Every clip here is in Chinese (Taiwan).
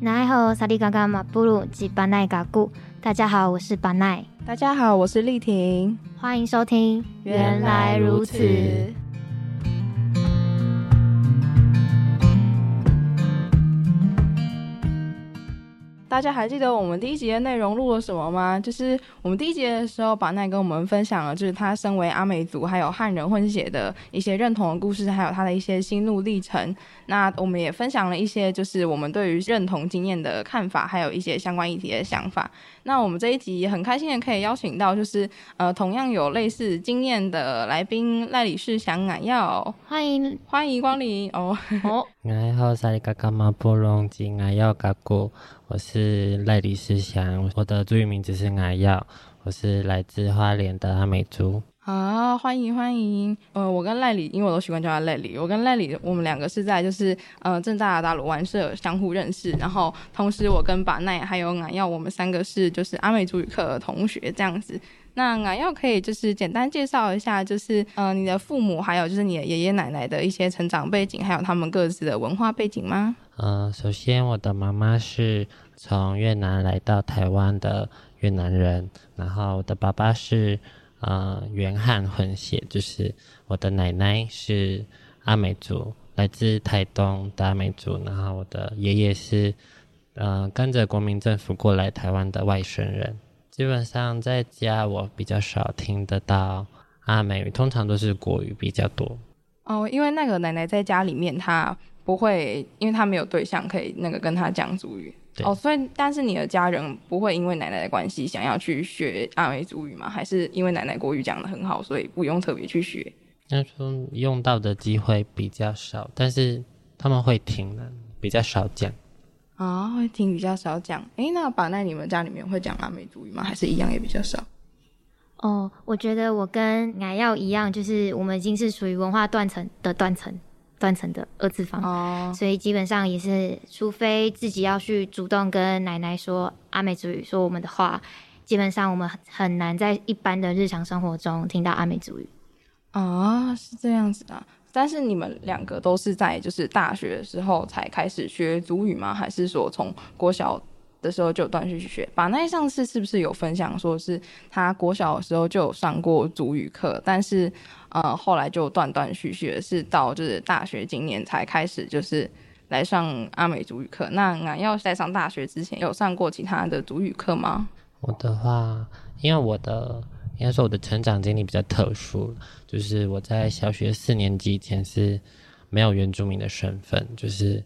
奈好，薩利嘎嘎馬布魯及巴奈嘎古，大家好，我是巴奈，大家好，我是立庭，歡迎收聽，原來如此。大家還記得我們第一集的內容錄了什麼嗎？就是我們第一集的時候，Ngayaw 跟我們分享了，就是他身為阿美族還有漢人混血的一些認同的故事，還有他的一些心路歷程。那我們也分享了一些，就是我們對於認同經驗的看法，還有一些相關議題的想法。那我們這一集很開心的可以邀請到，就是呃同樣有類似經驗的來賓賴李仕翔 Ngayaw，歡迎歡迎光臨哦哦，你、oh. 好沙利嘎嘎馬波龍吉 Ngayaw 嘎古，我是賴李仕翔，我的族語名字是 Ngayaw，我是來自花蓮的阿美族啊、哦，歡迎歡迎！呃，我跟賴李，因為我都習慣叫他賴李。我跟賴李，我們兩個是在就是呃政大搭蘆灣社相互認識，然後同時我跟 Panay 還有 Ngayaw，我們三個是就是阿美族語課的同學這樣子。那 Ngayaw 可以就是簡單介紹一下，就是呃你的父母還有就是你的爺爺奶奶的一些成長背景，還有他們各自的文化背景嗎？呃，首先我的媽媽是從越南來到台灣的越南人，然後我的爸爸是。嗯、呃，原漢混血，就是我的奶奶是阿美族，來自台東的阿美族，然後我的爺爺是，嗯、呃，跟着國民政府過來台灣的外省人。基本上在家我比較少聽得到阿美語，通常都是國語比較多。哦，因為那個奶奶在家裡面她。不會，因為他沒有對象可以那個跟他講族語對哦，所以但是你的家人不會因為奶奶的關係想要去學阿美族語嗎？還是因為奶奶國語講得很好，所以不用特別去學？那說用到的機會比較少，但是他們會聽的比較少講啊，會聽比較少講。哎、哦，那把那你們家裡面會講阿美族語嗎？還是一樣也比較少？哦，我覺得我跟 Ngayaw 一樣，就是我們已經是屬於文化斷層的斷層。斷層的二次方，oh. 所以基本上也是，除非自己要去主動跟奶奶說阿美族語，說我們的話，基本上我們很難在一般的日常生活中聽到阿美族語。啊，oh, 是這樣子的啊。但是你們兩個都是在就是大學的時候才開始學族語嗎？還是說從國小？的時候就斷斷續續學吧。Panay 上次是不是有分享，說是他國小的時候就有上過族語課，但是呃後來就斷斷續續，是到就是大學今年才開始就是來上阿美族語課。那那要在上大學之前有上過其他的族語課嗎？我的話，因為我的應該說我的成長經歷比較特殊，就是我在小學四年級以前是沒有原住民的身份，就是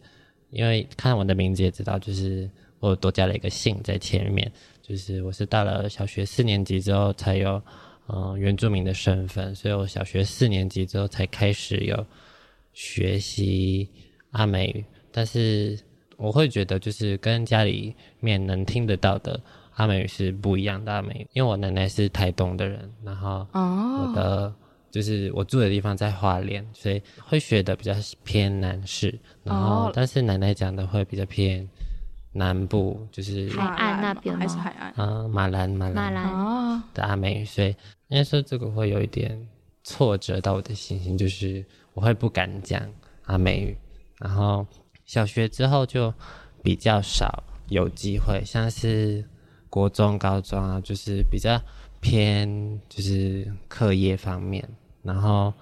因為看我的名字也知道，就是。我多加了一個姓在前面，就是我是到了小學四年級之後才有嗯、呃、原住民的身份，所以我小學四年級之後才開始有學習阿美語。但是我會覺得，就是跟家裡面能聽得到的阿美語是不一樣的阿美語，因為我奶奶是台東的人，然後我的、oh. 就是我住的地方在花蓮，所以會學的比較偏南勢，然後但是奶奶講的會比較偏。南部，就是海岸那邊，還是海岸？嗯、啊，馬蘭馬蘭的阿美語，哦、所以應該說這個會有一點挫折到我的信心，就是我會不敢講阿美語。然後小學之後就比較少有機會，像是國中、高中啊，就是比較偏就是課業方面，然後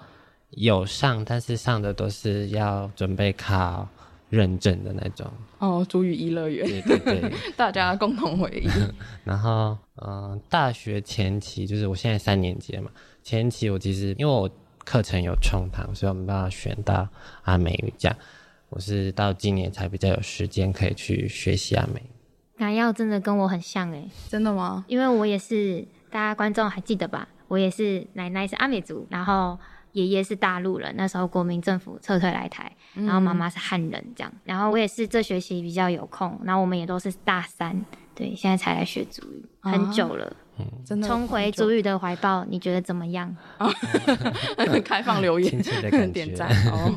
有上，但是上的都是要準備考。認證的那種哦，朱語一樂園，對對對， 大家共同回憶。 然後，嗯、呃，大學前期就是我現在三年級了嘛，前期我其實因為我課程有衝堂，所以我沒辦法選到阿美語講。我是到今年才比較有時間可以去學習阿美。Ngayaw 真的跟我很像哎、欸，真的嗎？因為我也是，大家觀眾還記得吧？我也是奶奶是阿美族，然後。爺爺是大陸人，那時候國民政府撤退來台，然後媽媽是漢人這樣，嗯、然後我也是這學期比較有空，然後我們也都是大三，對，現在才來學族語，很久了，啊、真的重回族語的懷抱。你覺得怎麼樣？啊啊、 開放留言，啊、清清的 點贊讚，哦。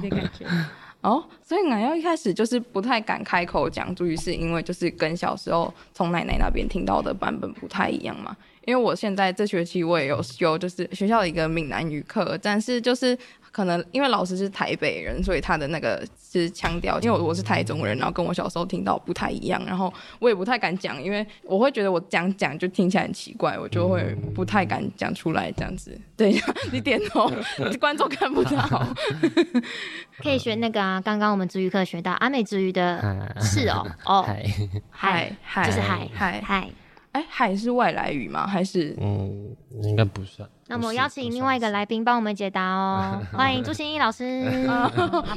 oh, 所以 Ngayaw 一開始就是不太敢開口講族語，是因為就是跟小時候從奶奶那邊聽到的版本不太一樣嘛。因為我現在這學期我也有修，就是學校的一個閩南語課，但是就是可能因為老師是台北人，所以他的那個是腔調，因為我我是台中人，然後跟我小時候聽到不太一樣，然後我也不太敢講，因為我會覺得我講講就聽起來很奇怪，我就會不太敢講出來這樣子。對，你點頭， 觀眾看不到， 可以學那個啊，剛剛我們族語課學到阿美族語的 是哦，哦，嗨，嗨，就是嗨，嗨，嗨。還是外來語嗎？還是嗯，應該不算。那麼邀請另外一個來賓幫我們解答哦、喔，是歡迎朱新一老師。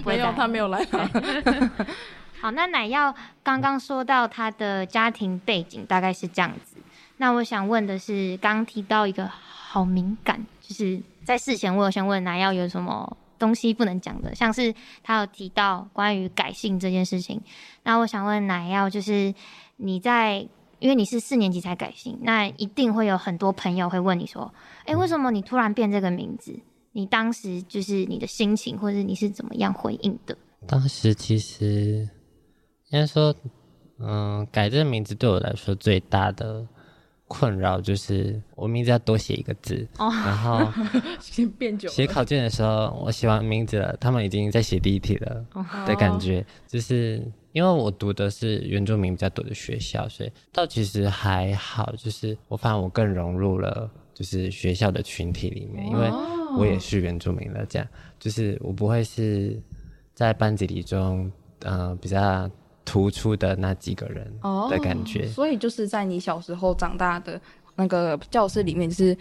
沒有，他沒有來。 好，那 Ngayaw 剛剛說到他的家庭背景，大概是這樣子。那我想問的是，剛提到一個好敏感，就是在事前，我有想問 Ngayaw 有什麼東西不能講的，像是他有提到關於改姓這件事情。那我想問 Ngayaw，就是你在。因為你是四年級才改姓，那一定會有很多朋友會問你說：“哎，欸，為什麼你突然變這個名字？你當時就是你的心情，或者你是怎麼樣回應的？”當時其實應該說，嗯，改這個名字對我來說最大的。困擾就是我名字要多寫一個字，oh, 然後寫考卷的時候，我寫完名字了，他們已經在寫第一題了的感覺。Oh. 就是因為我讀的是原住民比較多的學校，所以倒其實還好。就是我發現我更融入了，就是學校的群體裡面，因為我也是原住民了。這樣就是我不會是在班級裡中，嗯、呃，比較。突出的那幾個人的感覺。哦，所以就是在你小時候長大的那個教室裡面，就是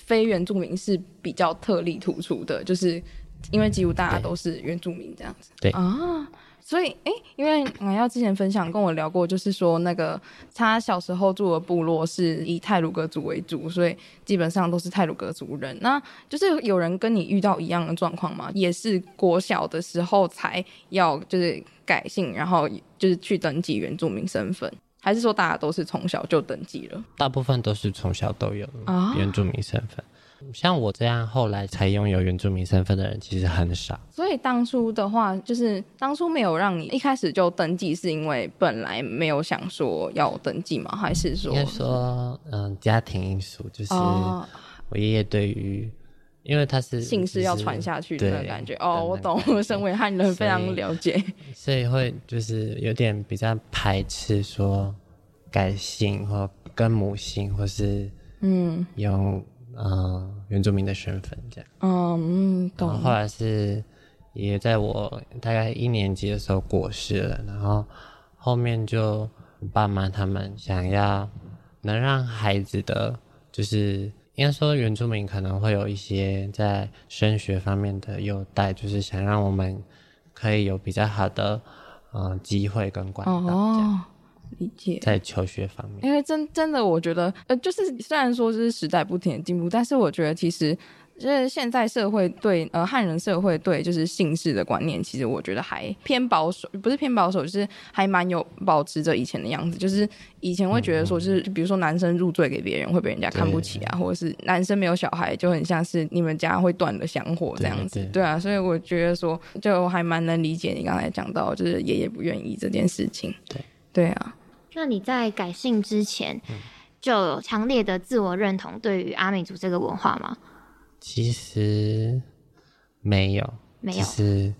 非原住民是比較特例突出的，就是因為幾乎大家都是原住民這樣子。嗯、對啊，所以誒、欸，因為我、嗯、要之前分享跟我聊過，就是說那個他小時候住的部落是以太魯閣族為主，所以基本上都是太魯閣族人。那就是有人跟你遇到一樣的狀況嗎？也是國小的時候才要就是改姓，然後。就是去登記原住民身份，還是說大家都是從小就登記了？大部分都是從小都有啊原住民身份，像我這樣後來才擁有原住民身份、啊、的人其實很少。所以當初的話，就是當初沒有讓你一開始就登記，是因為本來沒有想說要登記嗎？還是說應該說嗯家庭因素，就是、啊、我爺爺對於。因為他是,是姓氏要傳下去的感覺對哦，覺我懂，我身為漢人非常了解，所，所以會就是有點比較排斥說改姓或跟母姓或是用嗯用呃原住民的身份這樣。嗯嗯懂。然後,後來是也在我大概一年級的時候過世了，然後後面就爸媽他們想要能讓孩子的就是。應該說，原住民可能會有一些在升學方面的優待，就是想讓我們可以有比較好的呃機會跟管道。哦哦，理解。在求學方面，因為、欸、真真的，我覺得呃，就是雖然說就是時代不停的進步，但是我覺得其實。就是現在社會對呃漢人社會對就是姓氏的觀念，其實我覺得還偏保守，不是偏保守，就是還蠻有保持着以前的樣子。就是以前會覺得說是，嗯、就比如說男生入贅給別人會被人家看不起啊，對或者是男生沒有小孩就很像是你們家會斷了香火這樣子。對，對，對啊，所以我覺得說就還蠻能理解你剛才講到就是爺爺不願意這件事情。對，對啊。那你在改姓之前就有強烈的自我認同對於阿美族這個文化嗎？其實沒有，沒有。其實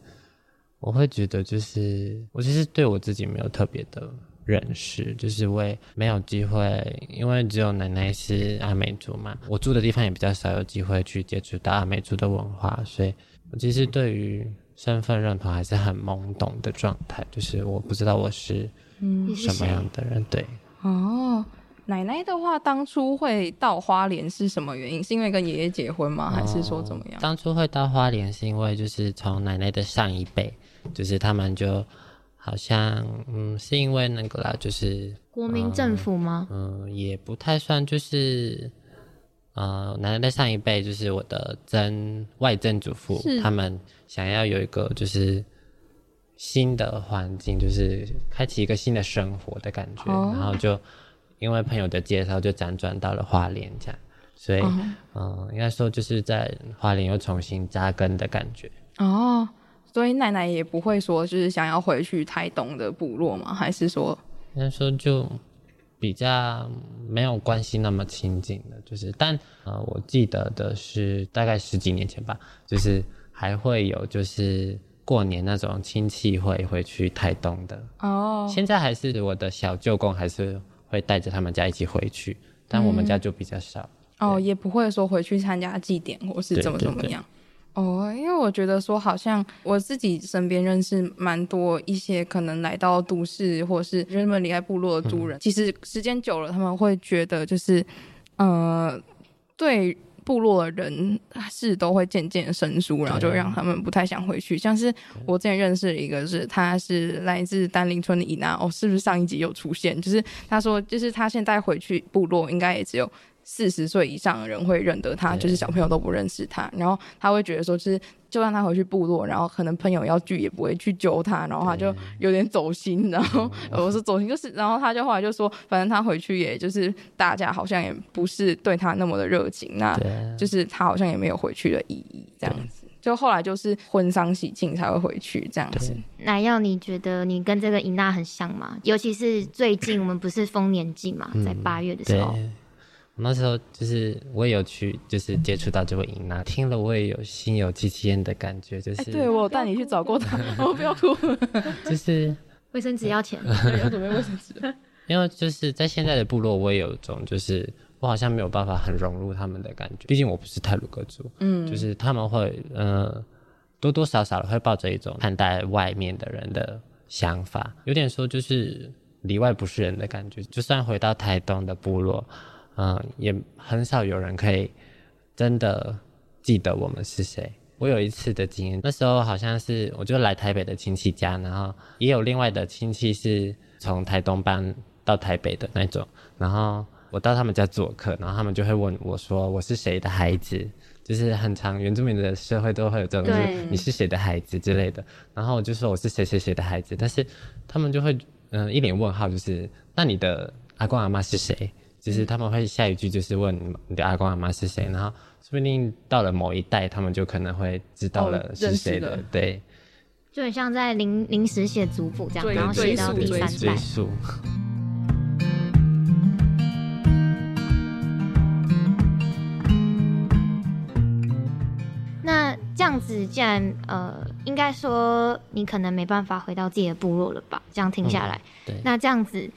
我會覺得，就是我其實對我自己沒有特別的認識，就是我也沒有機會，因為只有奶奶是阿美族嘛，我住的地方也比較少有機會去接觸到阿美族的文化，所以我其實對於身份認同還是很懵懂的狀態，就是我不知道我是什麼樣的人，嗯、對哦。奶奶的話，當初會到花蓮是什麼原因？是因為跟爺爺結婚嗎？還是說怎麼樣？嗯、當初會到花蓮是因為就是從奶奶的上一輩，就是他們就好像嗯是因為那個啦，就是、嗯、國民政府嗎？嗯，也不太算，就是呃、嗯、奶奶的上一輩就是我的曾外曾祖父，是他們想要有一個就是新的環境，就是開啟一個新的生活的感覺，哦、然後就。因為朋友的介紹，就輾轉到了花蓮，這樣，所以，嗯呃、應該說就是在花蓮又重新紮根的感覺。哦，所以奶奶也不會說就是想要回去台東的部落嗎？還是說應該說就比較沒有關係那麼親近的，就是，但、呃、我記得的是大概十幾年前吧，就是還會有就是過年那種親戚會回去台東的。哦，現在還是我的小舅公還是會帶着他們家一起回去，但我們家就比較少，嗯、哦，對也不會說回去參加祭典或是怎麼怎麼樣。對對對，哦，因為我覺得說好像我自己身邊認識蠻多一些可能來到都市或是人們離開部落的族人，嗯，其實時間久了，他們會覺得就是，呃，對。部落的人事，都會漸漸生疏，然後就讓他們不太想回去。像是我之前認識的一個是，是他是來自丹林村的伊娜、啊。哦，是不是上一集有出現？就是他說，就是他現在回去部落，應該也只有。四十歲以上的人會認得他，對就是小朋友都不認識他。然後他會覺得說，就是就算他回去部落，然後可能朋友要聚也不會去揪他。然後他就有點走心，然後我說走心就是，然後他就後來就說，反正他回去也就是大家好像也不是對他那麼的熱情，那就是他好像也沒有回去的意義對這樣子。就後來就是婚喪喜慶才會回去這樣子。那要對你覺得你跟這個尹娜很像嗎？尤其是最近我們不是豐年祭嘛， 嗯，在八月的時候。那時候就是我也有去，就是接觸到這位姨媽，嗯、聽了我也有心有戚戚焉的感覺，就是、欸、對我帶你去找過他，不 我不要哭，就是衛生紙要錢，要準備衛生紙， 因為就是在現在的部落，我也有一種就是我好像沒有辦法很融入他們的感覺，畢竟我不是太魯閣族，嗯，就是他們會嗯、呃、多多少少的會抱着一種看待外面的人的想法，有點說就是裡外不是人的感覺，就算回到台東的部落，嗯，也很少有人可以真的記得我們是誰。我有一次的經驗，那時候好像是我就來台北的親戚家，然後也有另外的親戚是從台東搬到台北的那種，然後我到他們家做客，然後他們就會問我說：“我是誰的孩子？”就是很常原住民的社會都會有這種，就是你是誰的孩子之類的。對然後我就說我是誰誰誰的孩子，但是他們就會嗯、呃、一臉問號，就是那你的阿公阿媽是誰？其實他們會下一句，就是問你的阿公阿媽是誰，然後說不定到了某一代，他們就可能會知道了是誰了。哦、了對。就很像在臨臨時寫族譜這樣，然後寫到第三代。追溯 那這樣子，既然呃，應該說你可能沒辦法回到自己的部落了吧？這樣停下來，嗯、對，那這樣子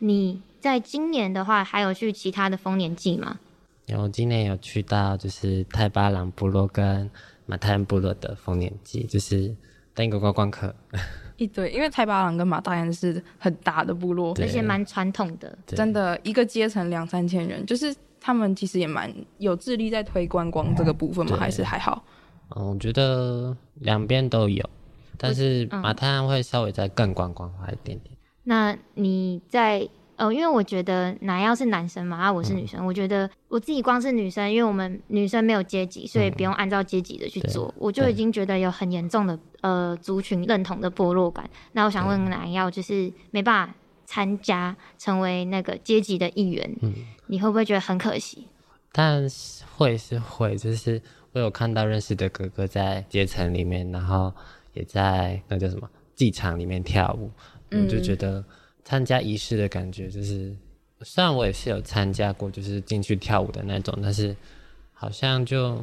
你。在今年的話，還有去其他的豐年祭嗎？有，今年有去到就是太巴塱部落跟馬太鞍部落的豐年祭，就是當一個觀光客。對，因為太巴塱跟馬太鞍是很大的部落，那對對些蠻傳統的，真的一個階層兩三千人，就是他們其實也蠻有致力在推觀光這個部分嘛，嗯、還是還好。嗯，我覺得兩邊都有，但是馬太鞍會稍微再更觀光化一點點。嗯、那你在？呃，因為我覺得男要是男生嘛，而、啊、我是女生，嗯、我覺得我自己光是女生，因為我們女生沒有階級，所以不用按照階級的去做，嗯、我就已經覺得有很嚴重的對呃族群認同的剝落感。那我想問男要，就是沒辦法參加成為那個階級的一員，對你會不會覺得很可惜？嗯、但是會是會，就是我有看到認識的哥哥在階層裡面，然後也在那叫什麼機場裡面跳舞，嗯，就覺得。嗯參加儀式的感覺就是，雖然我也是有參加過，就是進去跳舞的那種，但是好像就。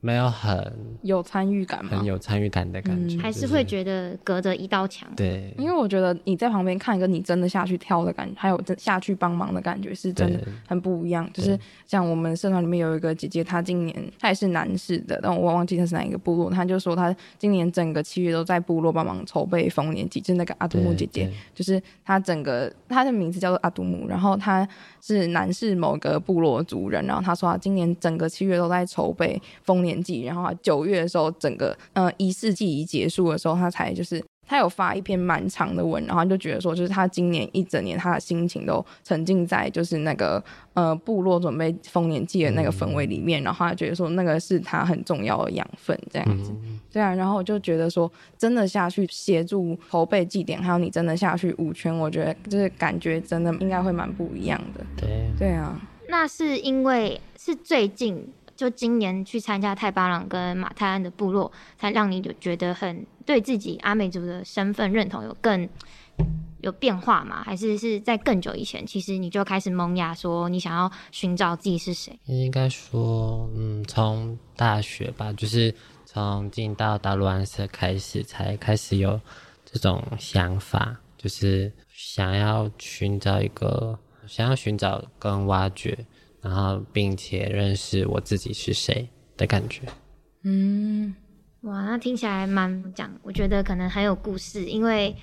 沒有很有參與感嗎？很有參與感的感覺，嗯就是、還是會覺得隔着一道牆。對，因為我覺得你在旁邊看，一個你真的下去跳的感覺，還有真下去幫忙的感覺，是真的很不一樣。對就是像我們社團裡面有一個姐姐，對她今年她也是男士的，但我忘記她是哪一個部落。她就說她今年整個七月都在部落幫忙籌備豐年祭，就是、那個阿杜姆姐姐，就是她整個她的名字叫做阿杜姆，然後她是男士某個部落的族人，然後她說她今年整個七月都在籌備豐年。年紀，然後他九月的時候，整個呃一世紀一結束的時候，他才就是他有發一篇蠻長的文，然後就覺得說，就是他今年一整年他的心情都沉浸在就是那個呃部落準備豐年祭的那個氛圍裡面，嗯、然後他覺得說那個是他很重要的養分，這樣子，嗯嗯嗯對啊，然後我就覺得說真的下去協助籌備祭典，還有你真的下去舞圈，我覺得就是感覺真的應該會蠻不一樣的，對，對啊，那是因為是最近。就今年去參加太巴塱跟馬太鞍的部落，才讓你有覺得很對自己阿美族的身份認同有更有變化嗎？還是是在更久以前，其實你就開始萌芽，說你想要尋找自己是誰？應該說，嗯，從大學吧，就是從進到達魯安斯開始，才開始有這種想法，就是想要尋找一個，想要尋找跟挖掘。然後，並且認識我自己是誰的感覺。嗯，哇，那聽起來蠻講，我覺得可能很有故事，因為，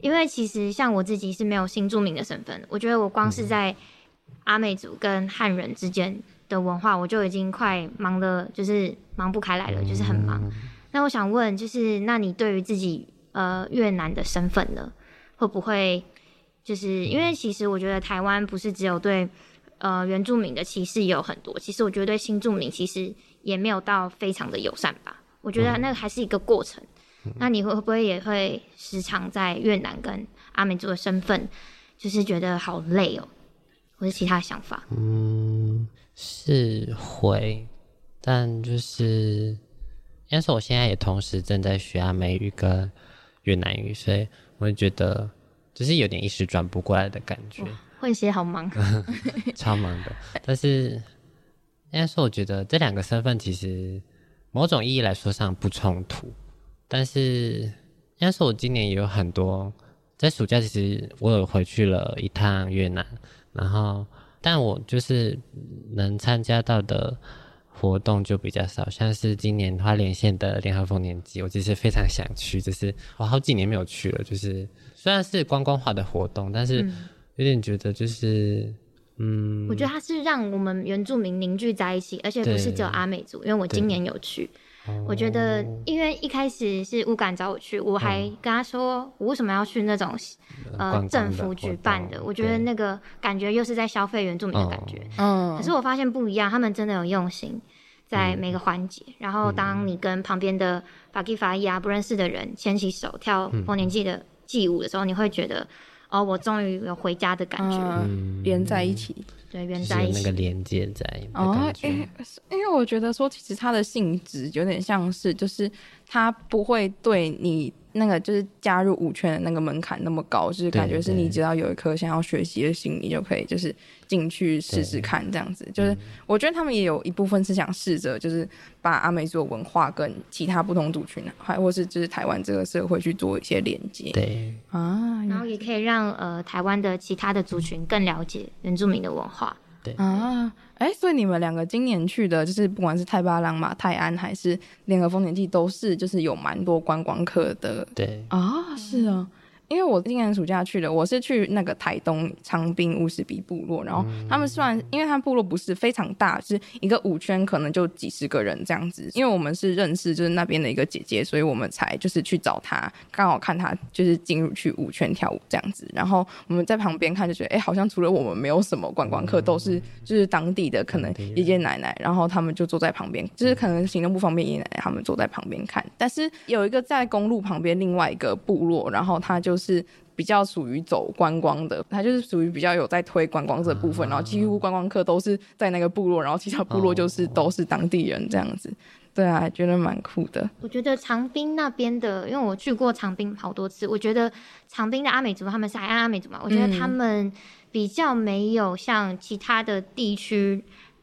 因為其實像我自己是沒有新住民的身份，我覺得我光是在阿美族跟漢人之間的文化，嗯、我就已經快忙的，就是忙不開來了，就是很忙。嗯、那我想問，就是那你對於自己呃越南的身份呢，會不會就是因為其實我覺得台灣不是只有對。呃，原住民的歧視也有很多，其實我覺得對新住民其實也沒有到非常的友善吧。我覺得、啊、那還是一個過程。嗯、那你會不會也會時常在越南跟阿美族的身份，就是覺得好累哦、喔，或是其他想法？嗯，是會，但就是，因為是我現在也同時正在學阿美語跟越南語，所以我會覺得就是有點一時轉不過來的感覺。混血好忙， 超忙的。 但是應該說，我覺得這兩個身份其實某種意義來說上不衝突。但是應該說，我今年也有很多在暑假，其實我有回去了一趟越南。然後，但我就是能參加到的活動就比較少，像是今年花蓮縣的聯合豐年祭，我其實非常想去，就是我好幾年沒有去了。就是雖然是觀光化的活動，但是，嗯有點覺得就是，嗯，我覺得他是讓我們原住民凝聚在一起，而且不是只有阿美族，對因為我今年有去，對我覺得因為一開始是烏感找我去，我還跟他說我為什麼要去那種，嗯、呃，政府舉辦的，剛剛的活動。我覺得那個感覺又是在消費原住民的感覺。嗯對，可是我發現不一樣，他們真的有用心在每個環節，嗯、然後當你跟旁邊的法基法伊啊不認識的人牽起手跳豐年祭的祭舞的時候，嗯、你會覺得。哦，我終於有回家的感覺，連在一起，對，連在一起。嗯、那個連接在哦，因、欸、為因為我覺得說，其實它的性質有點像是，就是它不會對你那個就是加入舞圈的那個門檻那麼高，就是感覺是你只要有一顆想要學習的心，你就可以就是。進去試試看，這樣子對就是，我覺得他們也有一部分是想試着，就是把阿美族文化跟其他不同族群還、還或是就是台灣這個社會去做一些連接，對啊，然後也可以讓呃台灣的其他的族群更了解原住民的文化，對，對啊。哎、欸，所以你們兩個今年去的，就是不管是太巴塱、馬太鞍，還是聯合豐年祭，都是就是有蠻多觀光客的，對啊，是啊。因為我今年暑假去的，我是去那個台東長濱烏石鼻部落，然後他們雖然，因為他們部落不是非常大，就是一個舞圈，可能就幾十個人這樣子。因為我們是認識，就是那邊的一個姐姐，所以我們才就是去找她，剛好看她就是進入去舞圈跳舞這樣子。然後我們在旁邊看，就覺得哎、欸，好像除了我們沒有什麼觀光客，都是就是當地的可能爺爺奶奶，然後他們就坐在旁邊，就是可能行動不方便，爺爺奶奶他們坐在旁邊看。但是有一個在公路旁邊另外一個部落，然後他就是。是比較屬於走觀光的，它就是屬於比較有在推觀光這部分，然後幾乎觀光客都是在那個部落，然後其他部落就是都是當地人這樣子。對啊，覺得蠻酷的。我覺得長濱那邊的，因為我去過長濱好多次，我覺得長濱的阿美族他們是海岸阿美族嘛，嗯、我覺得他們比較沒有像其他的地區。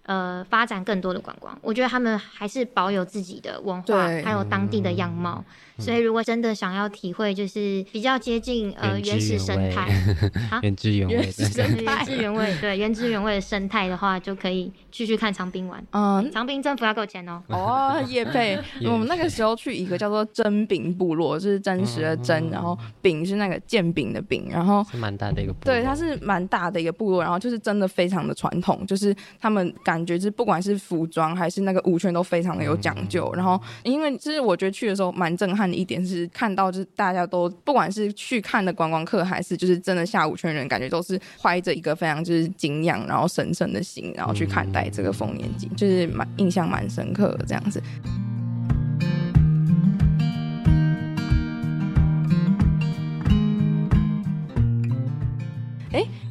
呃，發展更多的觀光，我覺得他們還是保有自己的文化，還有當地的樣貌。所以，如果真的想要體會，就是比較接近呃原始生態，原汁原味，原汁原味。對，原汁原味的生態的話，就可以繼續看長濱玩。嗯，長濱政府要給我錢哦。哦，業配。我們那個時候去一個叫做真柄部落，就是真實的真，然後柄是那個劍柄的柄，然後是蠻大的一個部落。對，它是蠻大的一個部落，然後就是真的非常的傳統，就是他們感。感覺是不管是服裝還是那個舞圈，都非常的有講究。然後，因為其實我覺得去的時候蠻震撼的一點是，看到就是大家都不管是去看的觀光客，還是就是真的下舞圈人，感覺都是懷着一個非常就是敬仰然後神聖的心，然後去看待這個豐年祭，就是蠻印象蠻深刻的這樣子。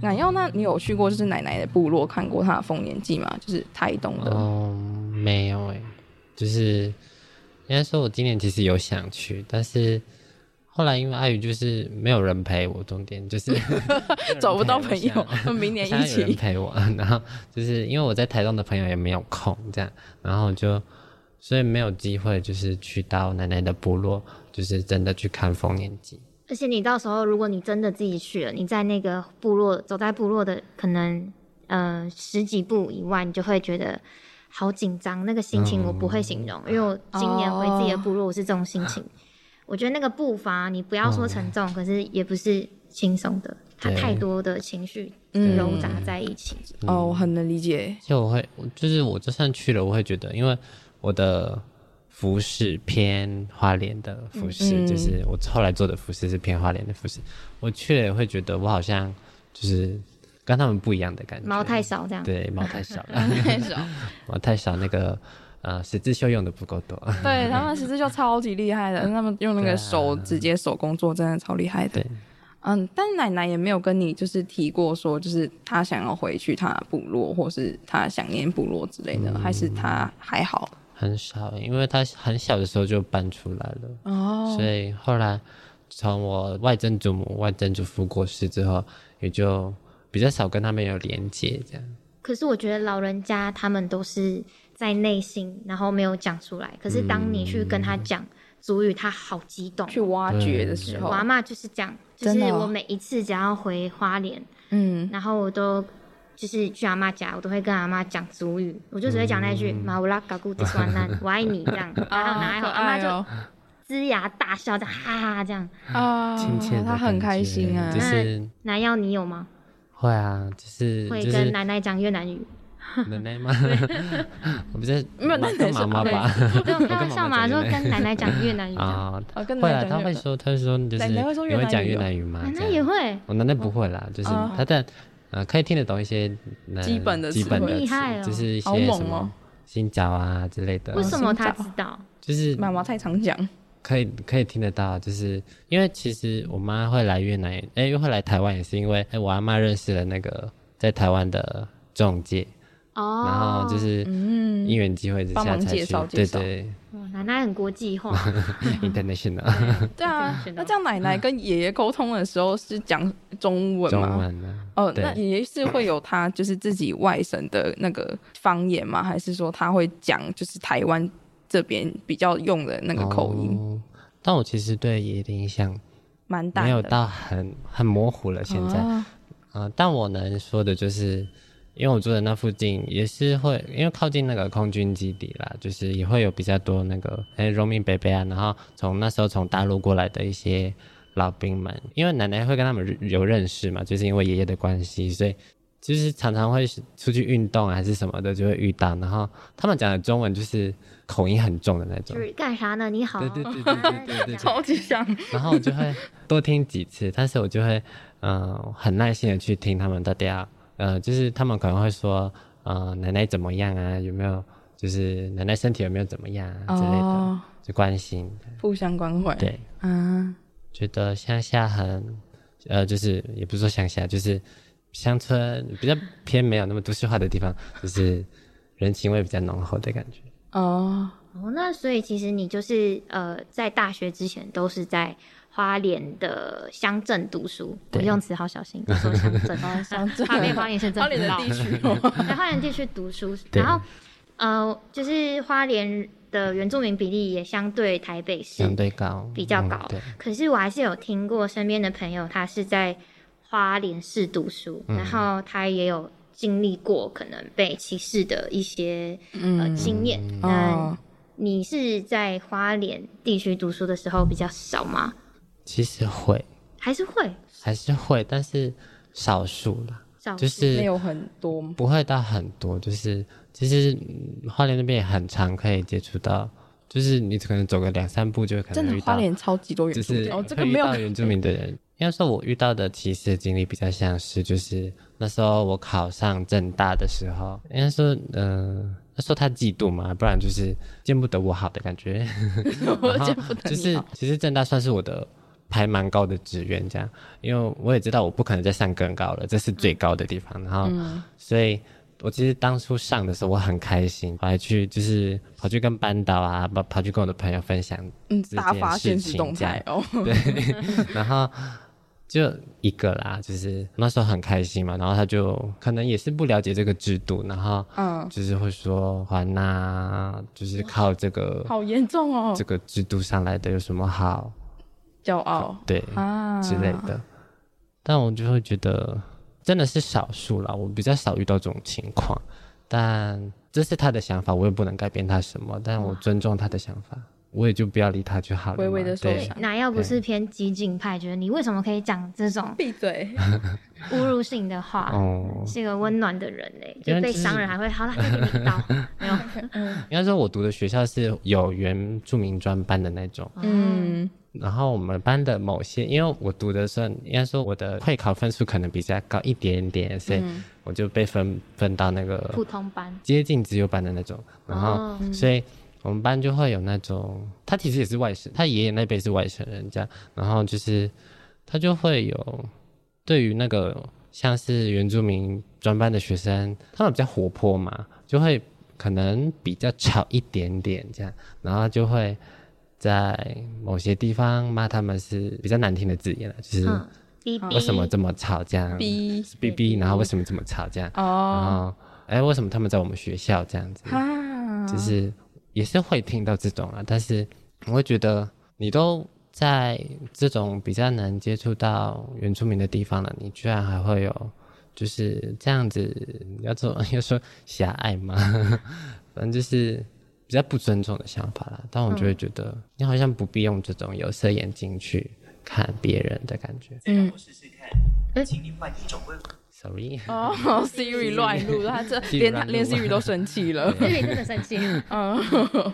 那要那你有去過就是奶奶的部落看過她的豐年祭嗎？就是台東的。哦，沒有誒、欸，就是應該說，我今年其實有想去，但是後來因為阿宇就是沒有人陪我，重點就是 找不到朋友，明年一起。有人陪我，然後就是因為我在台東的朋友也沒有空這樣，然後就所以沒有機會就是去到奶奶的部落，就是真的去看豐年祭。而且你到時候，如果你真的自己去了，你在那個部落，走在部落的可能，呃，十幾步以外，你就會覺得好緊張，那個心情我不會形容，嗯、因為我今年回自己的部落，哦、我是這種心情。啊、我覺得那個步伐，你不要說沉重，嗯、可是也不是輕鬆的，對它，太多的情緒嗯，揉雜在一起。哦，我很能理解。就我會，就是我就算去了，我會覺得，因為我的。服飾偏花蓮的服飾，嗯、就是我後來做的服飾是偏花蓮的服飾。我去了也會覺得我好像就是跟他們不一樣的感覺。毛太少這樣。對，毛太少， 毛太少， 毛太少。那個呃十字繡用的不夠多。對他們十字繡超級厲害的， 他們用那個手直接手工做，真的超厲害的。對，嗯，但是奶奶也沒有跟你就是提過說，就是她想要回去她部落，或是她想念部落之類的，嗯、還是她還好？很少，因為他很小的時候就搬出來了，oh. 所以後來從我外曾祖母、外曾祖父過世之後，也就比較少跟他們有連接這樣。可是我覺得老人家他們都是在內心，然後沒有講出來。可是當你去跟他講族語，嗯、他好激動。去挖掘的時候，對我媽媽就是講、哦、就是我每一次只要回花蓮，嗯，然後我都。就是去阿媽家，我都會跟阿媽講族語，我就只會講那句“媽烏拉嘎古滴酸難”，我愛你這樣，然後哪有阿媽就呲牙大笑，這樣哈哈，這樣啊，親切的感覺，她很開心啊。就是男要你有嗎？會啊，就是會跟奶奶講越南語。奶奶嗎？不是沒有奶奶是媽媽吧？對，他笑嘛，就跟奶奶講越南語啊，會啊，他會說，他說就奶你會講越南語嗎？奶奶也會。我奶奶不會啦，就是她的。呃，可以聽得懂一些、呃、基本的詞彙，哦、就是一些什麼心角啊之類的、哦。為什麼他知道？就是媽媽太常講，可以可以聽得到。就是因為其實我媽會來越南，哎、欸，又會來台灣，也是因為哎、欸，我阿媽認識了那個在台灣的中介，oh, 然後就是因緣際會之下才去、嗯、介紹，對，對對。奶奶很國際化、哦、 ，international。對， 對啊，International 那這樣奶奶跟爺爺溝通的時候是講中文嗎？中文啊、哦，對那爺爺是會有他就是自己外省的那個方言嗎？ 還是說他會講就是台灣這邊比較用的那個口音？哦、但我其實對爺爺的印象蠻大，沒有到很很模糊了。現在、哦嗯，但我能說的就是。因為我住在那附近也是會，因為靠近那個空軍基地啦，就是也會有比較多那個哎，榮民伯伯啊，然後從那時候從大陸過來的一些老兵們，因為奶奶會跟他們有認識嘛，就是因為爺爺的關係，所以就是常常會出去運動還是什麼的，就會遇到，然後他們講的中文就是口音很重的那種，就是幹啥呢？你好，對對對對對對 超級像，就想，然後我就會多聽幾次，但是我就會嗯、呃，很耐心的去聽他們的調。呃，就是他們可能會說，呃，奶奶怎麼樣啊？有沒有就是奶奶身體有沒有怎麼樣啊之類的，oh. 就關心，互相關懷。對，啊，uh. 覺得鄉下很，呃，就是也不是說鄉下，就是鄉村比較偏沒有那麼都市化的地方， 就是人情味比較濃厚的感覺。哦，哦，那所以其實你就是呃，在大學之前都是在花蓮的鄉鎮讀書，對我用詞好小心，說鄉 花蓮鄉 花蓮的地區，哦，在花蓮地區讀書。然後，呃，就是花蓮的原住民比例也相對台北市相對高，比較高。可是我還是有聽過身邊的朋友，他是在花蓮市讀書，嗯、然後他也有經歷過可能被歧視的一些呃經驗。那你是在花蓮地區讀書的時候比較少嗎？其實會，還是會，還是會，是但是少數了，就是沒有很多，不會到很多，就是其實、嗯、花蓮那邊也很常可以接觸到，就是你可能走個兩三步就會看到真的花蓮超級多原住民，就是我、哦這個、遇到原住民的人，應該 說我遇到的其實經歷比較像是，就是那時候我考上政大的時候，應該說嗯，他、呃、說他嫉妒嘛，不然就是見不得我好的感覺， 我見不得你好，就是其實政大算是我的，排蠻高的志願，這樣，因為我也知道我不可能再上更高了，這是最高的地方。嗯、然後，嗯啊、所以，我其實當初上的時候我很開心，我還、嗯、去就是跑去跟班導啊，跑跑去跟我的朋友分享這件事情。嗯哦、對，然後就一個啦，就是那時候很開心嘛，然後他就可能也是不了解這個制度，然後嗯，就是會說，還吶、嗯、哇就是靠這個好嚴重哦，這個制度上來的有什麼好？驕傲對啊之類的，但我就會覺得真的是少數了，我比較少遇到這種情況。但這是他的想法，我也不能改變他什麼，但我尊重他的想法，哦、我也就不要理他就好了。微微的說對那要不是偏激進派，覺得對你為什麼可以講這種閉嘴侮辱性的話？哦閉嘴， 是一個溫暖的人耶、就是、就被傷人還會好了，給、就是、沒有，嗯，應該說我讀的學校是有原住民專班的那種，嗯。然後我們班的某些，因為我讀的時候，應該說我的會考分數可能比較高一點點，嗯、所以我就被分分到那個普通班，接近資優班的那種。然後，嗯、所以我們班就會有那種，他其實也是外省，他爺爺那輩是外省人這樣，然後就是他就會有對於那個像是原住民專班的學生，他們比較活潑嘛，就會可能比較吵一點點這樣，然後就會。在某些地方罵他們是比較難聽的字眼了，啊，就是、嗯、嗶嗶為什麼這麼吵這樣？BB，嗶然後為什麼這麼吵這樣？哦，哎，為什麼他們在我們學校這樣子？就是也是會聽到這種啊，但是我會覺得你都在這種比較難接觸到原住民的地方了，你居然還會有就是這樣子，要做要說狹隘嗎？ 反正就是。比較不尊重的想法啦，但我就會覺得你好像不必用這種有色眼鏡去看別人的感覺。嗯，我試試看。請你換一種 Sorry。哦、oh, oh,，Siri, Siri 亂入，亂路這他這連他連 Siri 都生氣了。Siri 真的生氣，嗯，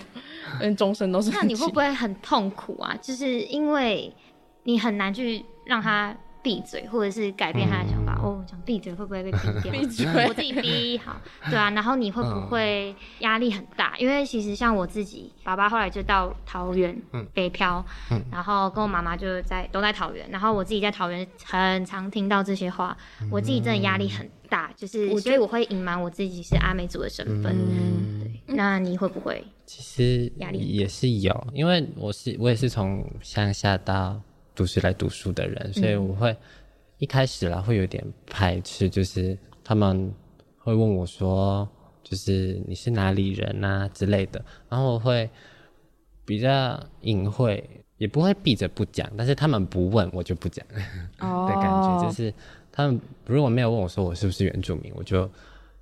連終生都是。那你會不會很痛苦啊？就是因為你很難去讓他。閉嘴，或者是改變他的想法。嗯、哦，講閉嘴會不會被聽掉？嘴我自己逼好，對啊。然後你會不會壓力很大？嗯、因為其實像我自己，爸爸後來就到桃園，北漂，嗯嗯、然後跟我媽媽就在都在桃園，然後我自己在桃園很常聽到這些話，嗯、我自己真的壓力很大，就是，所以我會隱瞞我自己是阿美族的身份。嗯，對嗯那你會不會？其實壓力也是有，因為我是我也是從鄉下到。讀書來讀書的人，所以我會一開始啦會有點排斥，就是他們會問我說，就是你是哪裡人啊之類的，然後我會比較隱晦，也不會避着不講，但是他們不問我就不講、oh. 的感覺，就是他們如果沒有問我說我是不是原住民，我就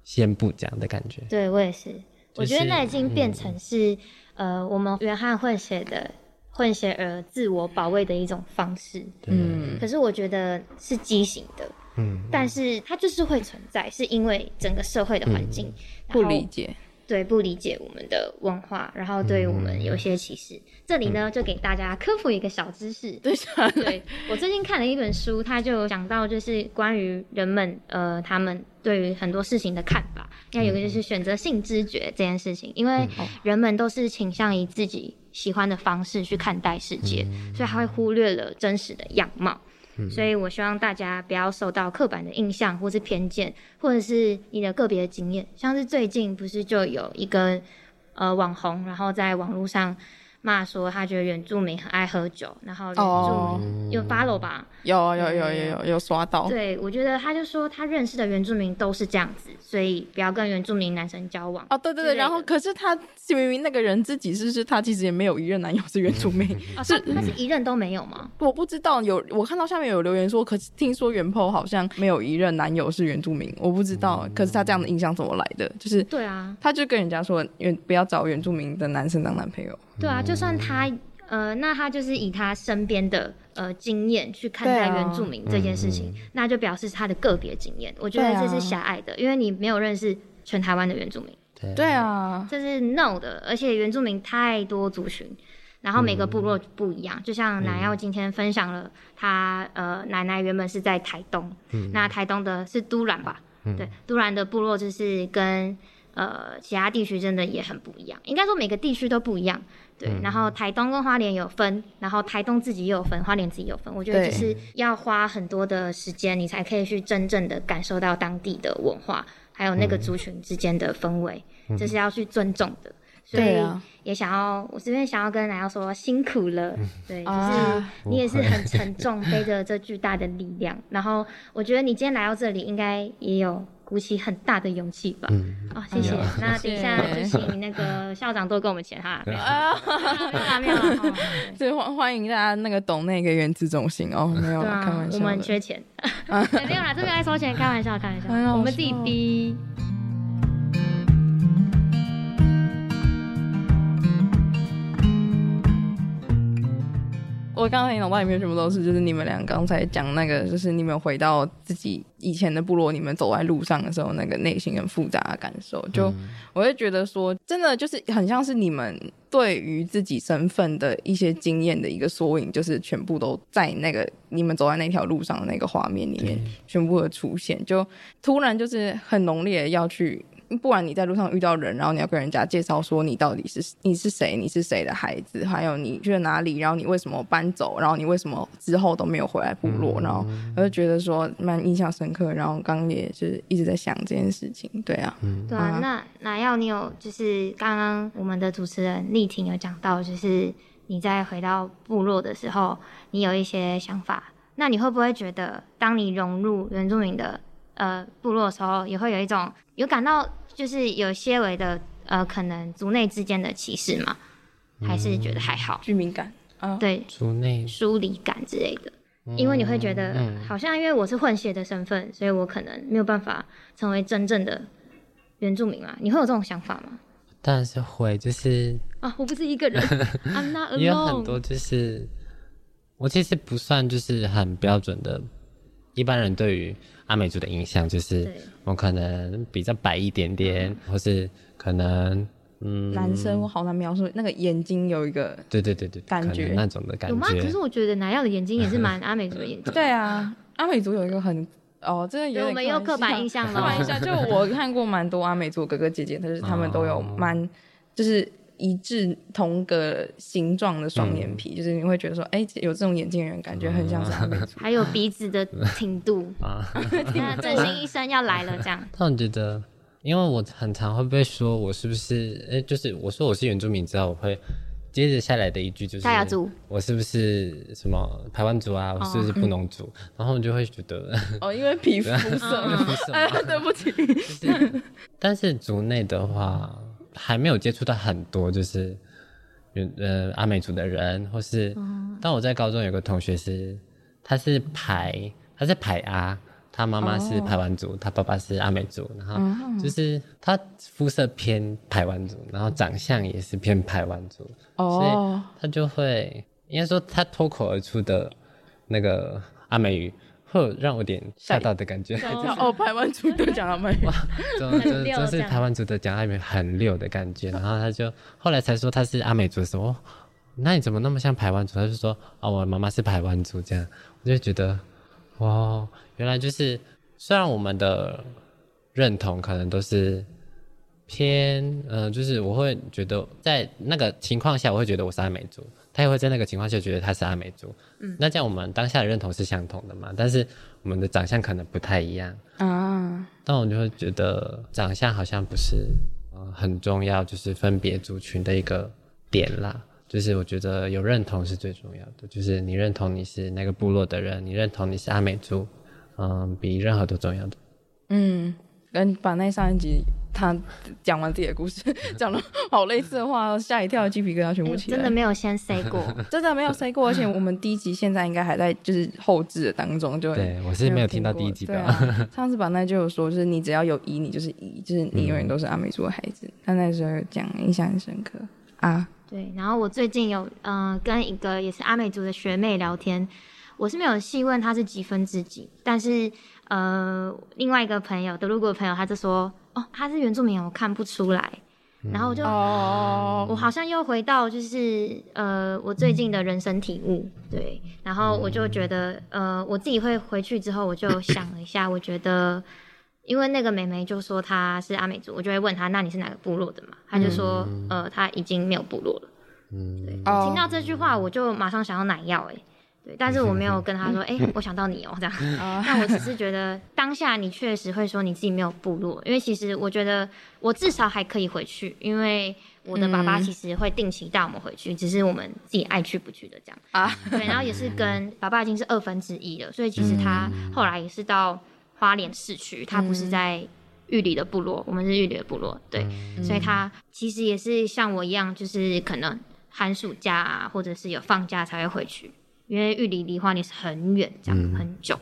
先不講的感覺。對我也是，就是、我覺得那已經變成是、嗯、呃，我們原漢混血的。混血兒自我保衛的一種方式，對嗯，可是我覺得是畸形的，嗯，嗯，但是它就是會存在，是因為整個社會的環境、嗯、後不理解，對，不理解我們的文化，然後對我們有些歧視。嗯嗯、這裡呢，就給大家科普一個小知識，對，對，對，我最近看了一本書， 它就講到就是關於人們呃他們對於很多事情的看法，那、嗯、有個就是選擇性知覺這件事情，因為人們都是傾向於自己。喜歡的方式去看待世界，嗯、所以他會忽略了真實的樣貌。嗯、所以我希望大家不要受到刻板的印象，或是偏見，或者是你的個別的經驗。像是最近不是就有一個呃網紅，然後在網絡上。罵說他覺得原住民很愛喝酒，然後原住民、oh, 有 follow 吧？有有有有有有刷到。對，我覺得他就說他認識的原住民都是這樣子，所以不要跟原住民男生交往。哦，對對對。然後可是他明明那個人自己是，是他其實也沒有一任男友是原住民， 是、哦、他，他是一任都沒有嗎？ 我不知道。有我看到下面有留言說，可是聽說原 po 好像沒有一任男友是原住民，我不知道。 可是他這樣的印象怎麼來的？就是對啊，他就跟人家說原不要找原住民的男生當男朋友。嗯、對啊，就算他呃，那他就是以他身邊的呃經驗去看待原住民這件事情，啊，嗯嗯、那就表示他的個別經驗，啊、我覺得這是狹隘的，因為你沒有認識全台灣的原住民。對啊，這是 no 的，而且原住民太多族群，然後每個部落不一樣，嗯、就像 Ngayaw 今天分享了他、嗯、呃奶奶原本是在台東，嗯、那台東的是都蘭吧？嗯、對，都蘭的部落就是跟。呃，其他地區真的也很不一樣，應該說每個地區都不一樣。對，嗯、然後台東跟花蓮有分，然後台東自己也有分，花蓮自己也有分。我覺得就是要花很多的時間，對你才可以去真正的感受到當地的文化，還有那個族群之間的氛圍，這、嗯、是要去尊重的。嗯、所以也想要，啊、我這邊想要跟 Ngayaw 說辛苦了。嗯、對，就是你也是很沉重 背着這巨大的力量，然後我覺得你今天來到這裡，應該也有鼓起很大的勇氣吧。啊，謝謝。那等一下，就請那個校長多給我們錢哈。沒有，沒有，沒有。最後歡迎大家那個懂那個原子中心哦，沒有，開玩笑。我們很缺錢，沒有啦，這邊愛收錢，開玩笑，開玩笑。我們自己逼。我剛才你腦袋裡面全部都是，就是你們倆剛才講那個，就是你們回到自己以前的部落，你們走在路上的時候，那個內心很複雜的感受。就我會覺得說，真的就是很像是你們對於自己身份的一些經驗的一個縮影，就是全部都在那個你們走在那條路上的那個畫面裡面全部的出現，就突然就是很濃烈的要去。不然你在路上遇到人，然後你要跟人家介紹說，你到底是你是誰，你是誰的孩子，還有你去了哪裡，然後你為什麼搬走，然後你為什麼之後都沒有回來部落，嗯、然後我就覺得說蠻印象深刻。然後剛也是一直在想這件事情，對啊，嗯、啊對啊。那那要你有就是剛剛我們的主持人立庭有講到，就是你在回到部落的時候，你有一些想法，那你會不會覺得當你融入原住民的呃部落的時候，也會有一種有感到。就是有些微的呃，可能族內之間的歧視嘛，還是覺得還好。居民感啊，對，族內疏離感之類的，嗯、因為你會覺得、嗯、好像因為我是混血的身份，所以我可能沒有辦法成為真正的原住民嘛。你會有這種想法嗎？我當然是會，就是啊，我不是一個人我 I'm not alone. 有很多就是我其實不算就是很標準的。一般人對於阿美族的印象就是，我可能比較白一點點，對或是可能嗯。男生我好難描述，那個眼睛有一個。對對對，感覺那種的感覺。有嗎？可是我覺得 Ngayaw 的眼睛也是蠻阿美族的眼睛的。 對啊，阿美族有一個很哦，真的有沒有，刻板印象，刻板印象。就我看過蠻多阿美族哥哥姐姐，但是他們都有蠻、嗯、就是。一致同一個形狀的雙眼皮，嗯、就是你會覺得說，哎、欸，有這種眼睛的人感覺很像是。嗯啊、還有鼻子的挺度、嗯、啊，那整形醫生要來了這樣。他們覺得，因為我很常會被說，我是不是，哎、欸，就是我說我是原住民之後，我會接着下來的一句就是，泰雅族，我是不是什麼台灣族啊，我是不是布農族？嗯、然後就會覺得，哦、嗯， 因為皮膚色，對不起。就是、但是族內的話。還沒有接觸到很多，就是，呃，阿美族的人，或是，當我在高中有個同學是，他是排，他是排阿，他媽媽是排灣族，他、oh. 爸爸是阿美族，然後就是他膚色偏排灣族，然後長相也是偏排灣族，oh. 所以他就會，應該說他脫口而出的那個阿美語。後讓我點嚇到的感覺，哦，排灣喔、族都講阿美嗎？哇，真真是排灣族的講阿美很溜的感覺。 然後他就後來才說他是阿美族的時候，哦、那你怎麼那麼像排灣族？他就說啊、哦，我媽媽是排灣族，這樣我就覺得，哇，原來就是雖然我們的認同可能都是偏，嗯、呃，就是我會覺得在那個情況下，我會覺得我是阿美族。他也會在那個情況下覺得他是阿美族，嗯，那這樣我們當下的認同是相同的嘛？但是我們的長相可能不太一樣啊，但我就會覺得長相好像不是呃很重要，就是分別族群的一個點啦。就是我覺得有認同是最重要的，就是你認同你是那個部落的人，你認同你是阿美族，嗯、呃，比任何都重要的。嗯，跟你把那上一集。他講完自己的故事，講了好類似的話，嚇一跳，雞皮疙瘩全部起來，欸。真的沒有先塞過，真的沒有塞過，而且我們第一集現在應該還在就是後製的當中，就對，對我是沒有聽，聽到第一集的。對啊，上次 Panay 就有說，就是你只要有姨，你就是姨，就是你永遠都是阿美族的孩子。他、嗯、那時候講，印象很深刻啊。對，然後我最近有嗯、呃、跟一個也是阿美族的學妹聊天，我是沒有細問她是幾分之幾，但是。呃，另外一個朋友，德路固的朋友，他就說，哦，他是原住民，我看不出來。嗯、然後我就，哦嗯，我好像又回到就是呃，我最近的人生體悟，對。然後我就覺得，嗯、呃，我自己會回去之後，我就想了一下， 我覺得，因為那個妹妹就說她是阿美族，我就會問她，那你是哪個部落的嘛？她就說，嗯、呃，她已經沒有部落了。嗯，對。哦、聽到這句話，我就馬上想要奶藥、欸，哎。對，但是我沒有跟他說，哎、欸，我想到你哦、喔，這樣。那 我只是覺得當下你確實會說你自己沒有部落，因為其實我覺得我至少還可以回去，因為我的爸爸其實會定期帶我們回去，嗯、只是我們自己愛去不去的這樣。啊、嗯，對，然後也是跟爸爸已經是二分之一了，所以其實他後來也是到花蓮市區，他不是在玉里的部落，我們是玉里的部落，對，嗯、所以他其實也是像我一樣，就是可能寒暑假啊，或者是有放假才會回去。因為玉里離花蓮是很遠，這樣很久，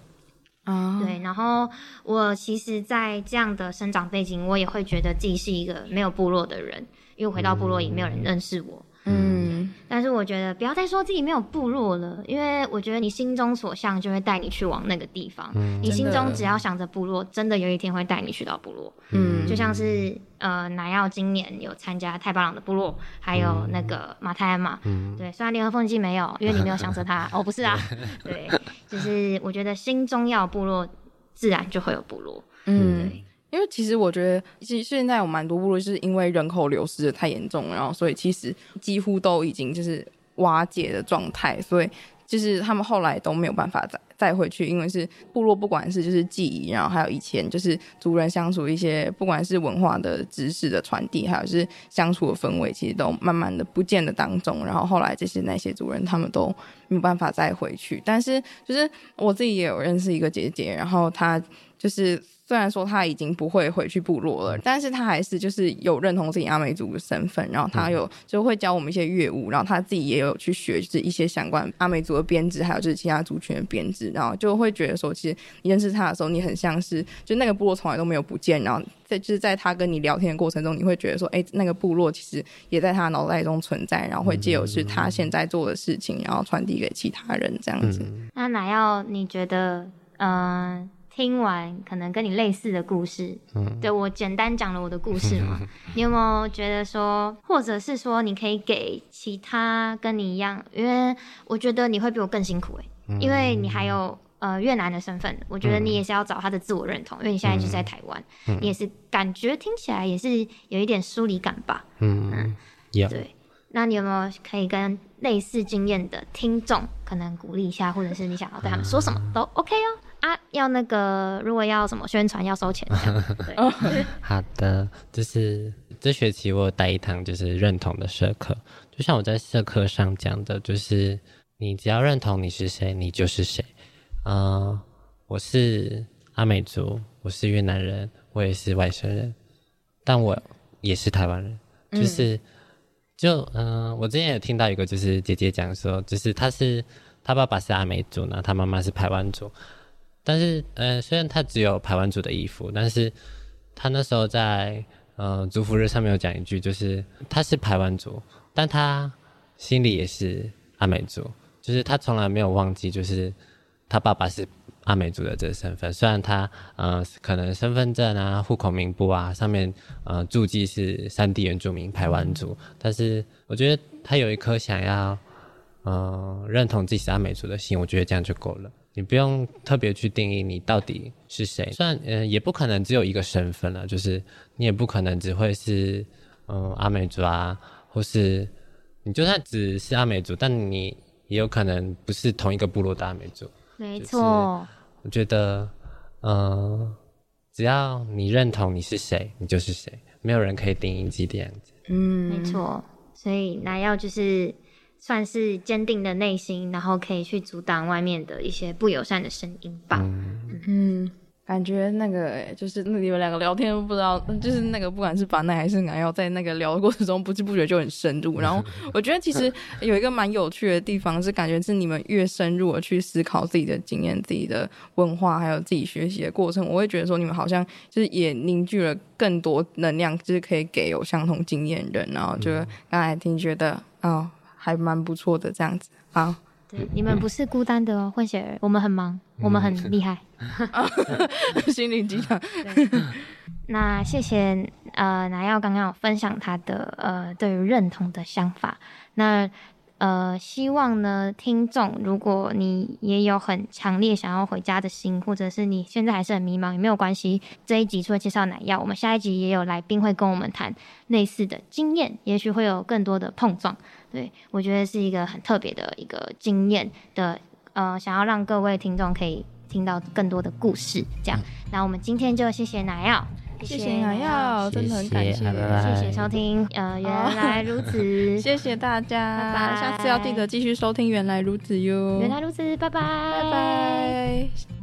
啊、嗯，哦、對，然後我其實，在這樣的生長背景，我也會覺得自己是一個沒有部落的人，因為回到部落也沒有人認識我。嗯嗯，但是我覺得不要再說自己沒有部落了，因為我覺得你心中所向就會帶你去往那個地方。嗯，你心中只要想着部落，真的，真的有一天會帶你去到部落。嗯，就像是呃，Ngayaw 今年有參加太巴塱的部落，還有那個馬太鞍嘛。嗯，對，雖然聯合奉獻沒有，因為你沒有想着他。 哦，不是啊，對， 對，就是我覺得心中要有部落，自然就會有部落。嗯。對因為其實我覺得，其實現在有蠻多部落就是因為人口流失得太嚴重，然後所以其實幾乎都已經就是瓦解的狀態，所以就是他們後來都沒有辦法再再回去，因為是部落不管是就是記憶，然後還有以前就是族人相處一些，不管是文化的知識的傳遞，還有就是相處的氛圍，其實都慢慢的不見了當中，然後後來就是那些族人他們都沒有辦法再回去，但是就是我自己也有認識一個姐姐，然後她。就是雖然說他已經不會回去部落了，但是他還是就是有認同自己阿美族的身份，然後他有、嗯、就會教我們一些樂舞，然後他自己也有去學就是一些相關阿美族的編織，還有就是其他族群的編織，然後就會覺得說，其實你認識他的時候，你很像是就那個部落從來都沒有不見，然後在就是在他跟你聊天的過程中，你會覺得說，哎、欸，那個部落其實也在他腦袋中存在，然後會借由是他現在做的事情，嗯嗯，然後傳遞給其他人這樣子。嗯、那 Ngayaw 你覺得，嗯、呃？聽完可能跟你類似的故事，嗯、對，我簡單講了我的故事嘛？你有沒有覺得說，或者是說你可以給其他跟你一樣，因為我覺得你會比我更辛苦哎，嗯、因為你還有呃越南的身份，我覺得你也是要找他的自我認同，嗯、因為你現在就是在台灣，嗯、你也是感覺聽起來也是有一點疏離感吧？嗯，嗯對，那你有沒有可以跟類似經驗的聽眾可能鼓勵一下，或者是你想要對他們說什麼都 OK 哦、喔。啊，要那個，如果要什麼宣傳要收錢這樣，對， 好的，就是這學期我有帶一堂就是認同的社課，就像我在社課上講的，就是你只要認同你是誰，你就是誰。嗯、呃，我是阿美族，我是越南人，我也是外省人，但我也是台灣人。就是，嗯就嗯、呃，我之前也聽到一個就是姐姐講說，就是她是她爸爸是阿美族，然後她媽媽是台灣族。但是，呃，雖然他只有排灣族的衣服，但是他那時候在，嗯、呃，族服日上面有講一句，就是他是排灣族，但他心裡也是阿美族，就是他從來沒有忘記，就是他爸爸是阿美族的這個身份。雖然他，呃，可能身份證啊、戶口名簿啊上面，呃，註記是山地原住民排灣族，但是我覺得他有一顆想要，嗯、呃，認同自己是阿美族的心，我覺得這樣就夠了。你不用特別去定義你到底是誰，雖然也不可能只有一個身份了，就是你也不可能只會是嗯阿美族啊，或是你就算只是阿美族，但你也有可能不是同一個部落的阿美族。沒錯錯，我覺得嗯只要你認同你是誰，你就是誰，沒有人可以定義自己的樣子。嗯，沒錯，所以那要就是。算是堅定的內心，然後可以去阻擋外面的一些不友善的聲音吧。嗯，嗯感覺那個、欸、就是那你們兩個聊天，不知道就是那個不管是 Panay 還是 Ngayaw 在那個聊的過程中不，不知不覺就很深入。然後我覺得其實有一個蠻有趣的地方，是感覺是你們越深入的去思考自己的經驗、自己的文化，還有自己學習的過程，我會覺得說你們好像就是也凝聚了更多能量，就是可以給有相同經驗的人。然後就剛才聽覺得哦。還蠻不錯的，這樣子啊。好對，你們不是孤單的哦，混血兒。我們很忙，嗯、我們很厲害。心靈雞湯。那謝謝呃，Ngayaw 剛剛有分享他的呃對於認同的想法。那呃，希望呢，聽眾如果你也有很強烈想要回家的心，或者是你現在還是很迷茫，也沒有關係。這一集除了介紹 Ngayaw，我們下一集也有來賓會跟我們談類似的經驗，也許會有更多的碰撞。對，我覺得是一個很特別的一個經驗的，呃，想要讓各位聽眾可以聽到更多的故事，這樣。那、嗯、我們今天就謝謝 Ngayaw，謝謝 Ngayaw< 是>，真的很感謝，謝謝收聽，呃，原來，原來如此， 謝謝大家， 拜拜，下次要記得繼續收聽《原來如此》喲，原來如此，拜拜，拜拜。